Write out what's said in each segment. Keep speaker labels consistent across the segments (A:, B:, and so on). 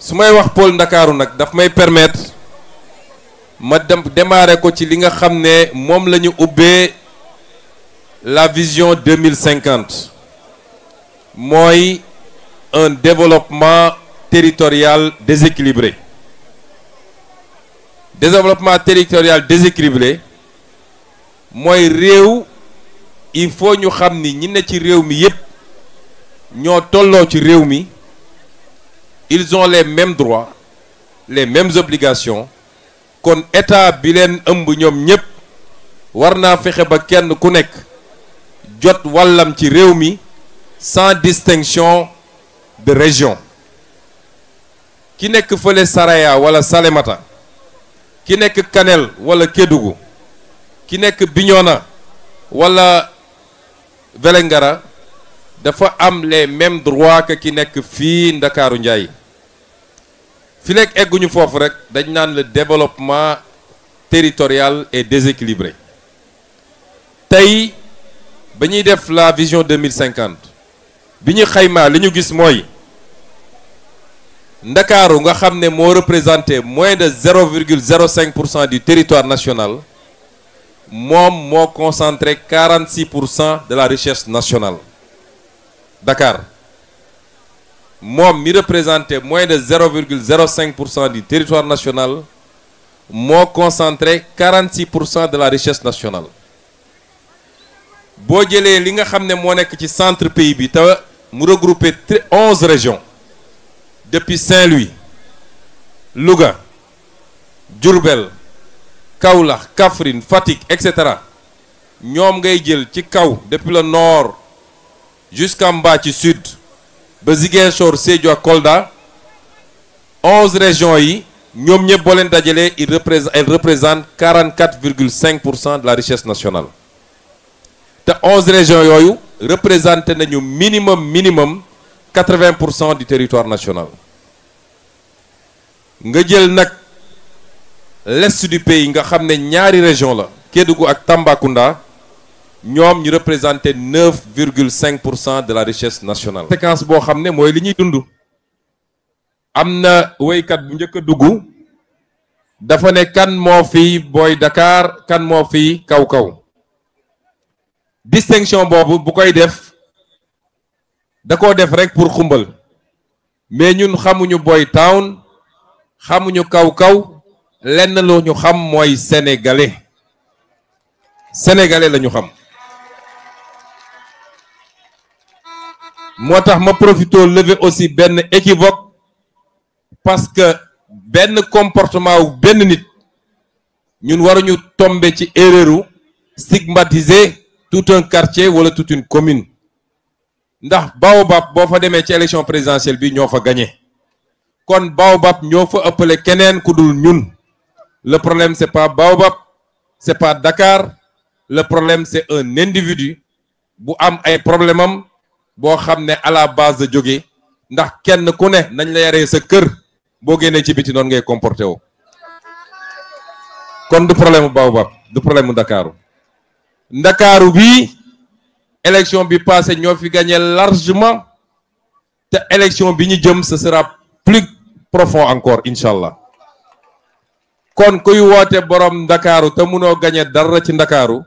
A: su may wax pôle ndakaaru nag daf may permettre ma dem démarrer ko ci li nga xam ne moom la ñu ubbee la vision deux mille cinquante mooy un développement territorial déséquilibré développement territorial déséquilibré mooy réew il faut ñu xam ni ñi ne ci réew mi yépp ñoo tolloo ci réew mi ils ont les mêmes droits les mêmes obligations kon état bi leen ëmb ñoom ñépp war naa fexe ba kenn ku nekk jot wàllam ci réew mi sans distinction de région ki nekk fële Saraya wala salemata ki nekk Kanel wala Kédougou ki nekk Bignona wala Vélingara dafa am les mêmes droits ki nekk fii Ndakaaru Njaay fi nekk egguñu foofu rek dañ naan le développement territorial est déséquilibré tey ba ñuy def la vision 2050 bi ñu xayma li ñu gis mooy ndakaaru nga xam ne moo représenté moins de 0,05 pour cent du territoire national moom moo concentré 46 pour cent de la richesse nationale Dakar moom mi représenté moins de 0,05 pour cent du territoire national moo concentré 46 pour cent de la richesse nationale boo jëlee li nga xam ne moo nekk ci centre pays bi te mu regroupé 11 régions depuis Saint-Louis Louga Diourbel Kaolack Kaffrine Fatick et cetera ñoom ngay jël ci kaw depuis le nord jusqu'en bas ci sud ba Ziguinchor Sédhiou ak Kolda onze régions yi ñoom ñëpp boo leen dajalee il représente elle représente quarante quatre virgule cinq pour cent de la richesse nationale te onze régions yooyu représenté nañu minimum minimum quatre vingt pour cent du territoire national nga jël nag l'est du pays nga xam ne ñaari région la Kédougou ak Tambacounda ñoom ñu représenté neuf virgule cinq pour cent de la richesse nationale. séquence boo xam ne mooy li ñuy dund. am na wéykat bu njëkk a dugg. dafa ne kan moo fi booy Dakar kan moo fi kaw kaw. distinction boobu bu koy def. da koo def rek pour xumbal. mais ñun xamuñu booy town. xamuñu kaw kaw. lenn lu ñu xam mooy sénégalais. sénégalais la ñu xam. moo tax ma profito lever aussi benn équivoque parce que benn comportement wu benn nit ñun waruñu tombe ci erreur stigmatiser tout un quartier wala toute une commune ndax Baobab boo fa demee ci élection présidentielle bi ñoo fa gagné kon Baobab ñoo fa ëppale keneen ku dul ñun le problème c'est pas Baobab c'est pas Dakar le problème c'est un individu bu am ay problème am boo xam ne à la base de jóge ndax kenn ku ne nañ la yare sa kër boo génnee ci biti noonu ngay comporté woo kon du problème bu Baobab du problème mu ndakaaru ndakaaru bii élection bi passé ñoo fi gagné largement te élection bi ñu jëm sa sera plus profond encore incha allah kon kuy woote borom ndakaaru te munoo gagné dara ci ndakaaru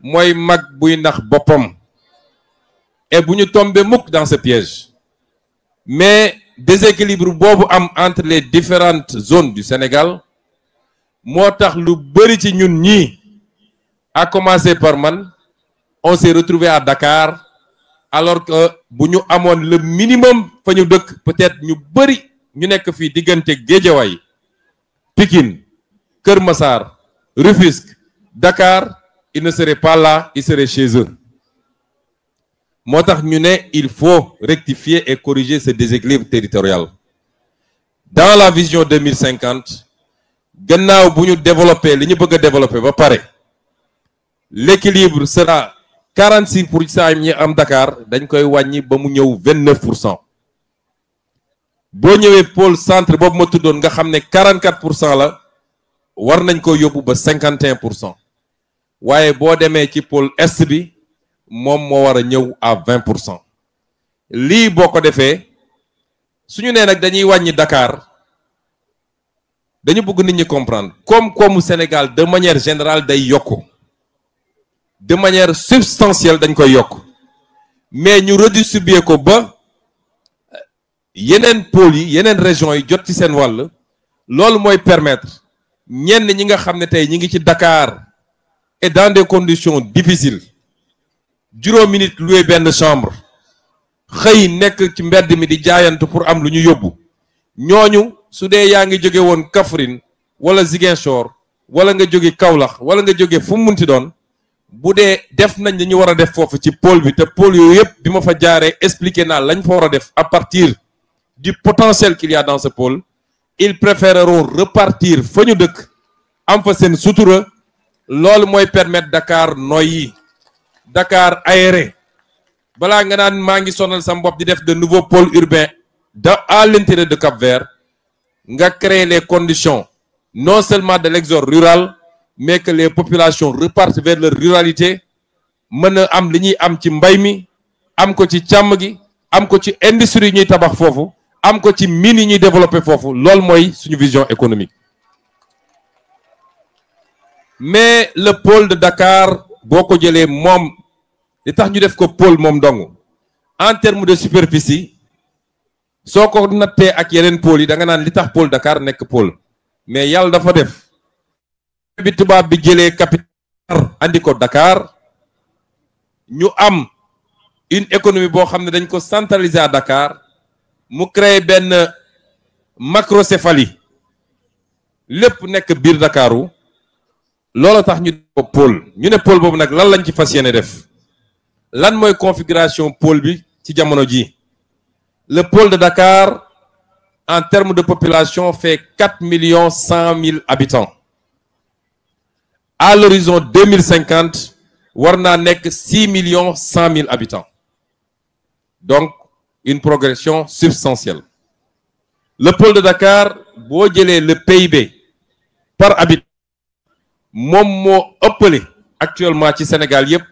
A: mooy mag buy nax boppam et bu ñu tombe mukk dans ce piège mais déséquilibre boobu am entre les différentes zones du Sénégal moo tax lu bëri ci ñun ñii à commencer par man on s'est retrouvé à Dakar alors que bu ñu amoon le minimum fa ñu dëkk peut-être ñu bëri ñu nekk fii diggante Guédiawaye Pikine Kër Massar Rufisque Dakar ils ne seraient pas là ils seraient chez moo tax ñu ne il faut rectifier et corriger ce déséquilibre territorial dans la vision 2050 gannaaw bu ñu développer li ñu bëgg a développer ba pare l'équilibre sera 46 pour cent yi ñu am Dakar dañ koy wàññi ba mu ñëw 29 pour cent boo ñëwee pôle centre boobu ma tuddoon nga xam ne 44 pour cent la war nañ ko yóbbu ba 51 pour cent waaye boo demee ci pôle est bi moom moo war a ñëw à vingt pour cent lii boo ko defee suñu nee nag dañuy wàññi dakaar dañu bëgg nit ñi comprendre koom-koomu Sénégal de manière générale day yokku de manière substantielle dañ koy yokk mais ñu redistribuer ko ba euh, yeneen pôles yi yeneen régions yi jot ci seen wàll loolu mooy permettre ñenn ñi nga xam ne tey ñi ngi ci dakaar et dans des conditions difficiles juróomi nit loué benn chambre xëy nekk ci mbedd mi di jaayant pour am lu ñu yóbbu ñooñu su dee yaa ngi jóge woon Kaffrine wala Ziguinchor wala nga jóge kawlax wala nga jóge fu mu munti doon bu dee def nañ li ñu war a def foofu ci pôle bi te pôle yooyu yëpp bi ma fa jaaree expliqué naa lañ fa war a def à partir du potentiel qu'il y a dans ce repartir fa ñu dëkk am fa seen sutura loolu mooy permettre Dakar noyyi Dakar aéré balaa nga naan maa ngi sonal sa mbopp di def de nouveaux pôles urbains da à l'intérieur de Cap-Vert nga créer les conditions non seulement de l'exode rural mais que les populations repartent vers leur ruralité mën a am li ñuy am ci mbay mi am ko ci càmm gi am ko ci industrie yi ñuy tabax foofu am ko ci mine yi ñuy développé foofu loolu mooy suñu vision économique mais le pôle de Dakar boo ko jëlee moom li tax ñu def ko pôle moom dong en terme de superficie soo ko nattee ak yeneen pôle yi da nga naan li tax pole Dakar nekk pôle mais yàlla dafa def bi tubaab bi jëlee capital andi ko Dakar ñu am une économie boo xam ne dañ ko centraliser à Dakar mu créer benn macrocéphalie lépp nekk biir Dakaru loolu tax ñu ko pôle ñu ne pôle boobu nag lan lañ ci fas yéene def lan mooy configuration pôle bi ci jamono ji le pôle de Dakar en terme de population fait quatre millions cent mille habitants à l'horizon deux mille cinquante war naa nekk six millions cent mille habitants donc une progression substantielle le pôle de Dakar boo jëlee le PIB par habitant moom moo ëppale actuellement ci Sénégal yëpp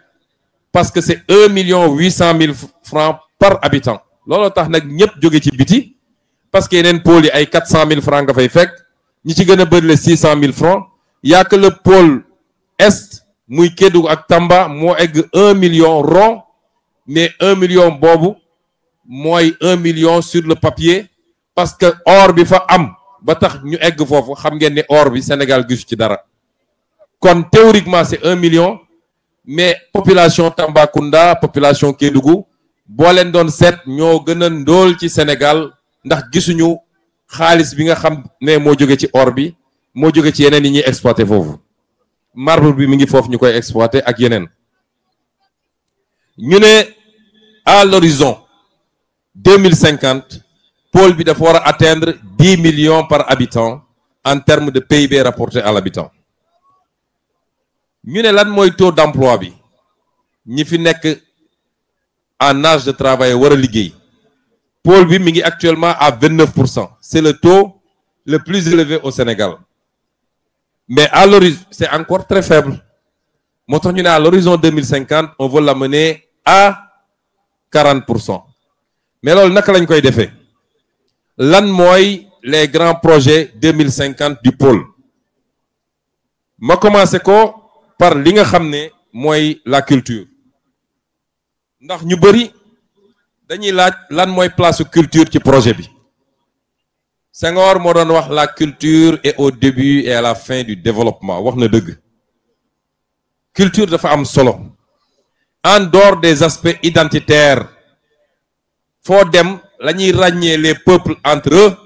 A: parce que c'est un million huit cent mille francs par habitant looloo tax nag ñëpp jóge ci biti parce que yeneen pôles yi ay quatre cent mille francs nga fay fekk ñi ci gën a bëri la six cent mille francs y'a que est muy Kédougou ak Tamba moo egg un million rond mais un million boobu mooy un million sur le papier parce que or bi fa am ba tax ñu egg foofu xam ngeen ne or bi Sénégal gisu ci dara kon théoriquement c'est un million mais population Tambacounda population Kédougou boo leen doon seet ñoo gën a ndóol ci Sénégal ndax gisuñu xaalis bi nga xam ne moo jóge ci or bi moo jóge ci yeneen yi ñuy exploité foofu marbre bi mi ngi foofu ñu koy exploité ak yeneen ñu ne à l'horizon deux mille cinquante pôle bi dafa war a atteindre dix millions par habitant en termes de PIB rapporté à l'habitant ñu ne lan mooy taux d'emploi bi ñi fi nekk en âge de travail war liggéey pôle bi mi ngi actuellement à vingt pour cent c'est le taux le plus élevé au Sénégal mais à l'horizon c'est encore très faible moo tax ñu ne à l'horizon deux cinquante on veut l'amener à quarante pour cent mais loolu naka lañ koy defee lan mooy les grands projets deux mille cinquante du pôle ma commencé ko par li nga xam ne mooy la culture ndax ñu bëri dañuy laaj lan mooy place culture ci projet bi Senghor moo doon wax la culture et au début et la fin du développement wax na dëgg culture dafa am solo en dehors des aspects identitaires foo dem la ñuy ràññee les peuples entre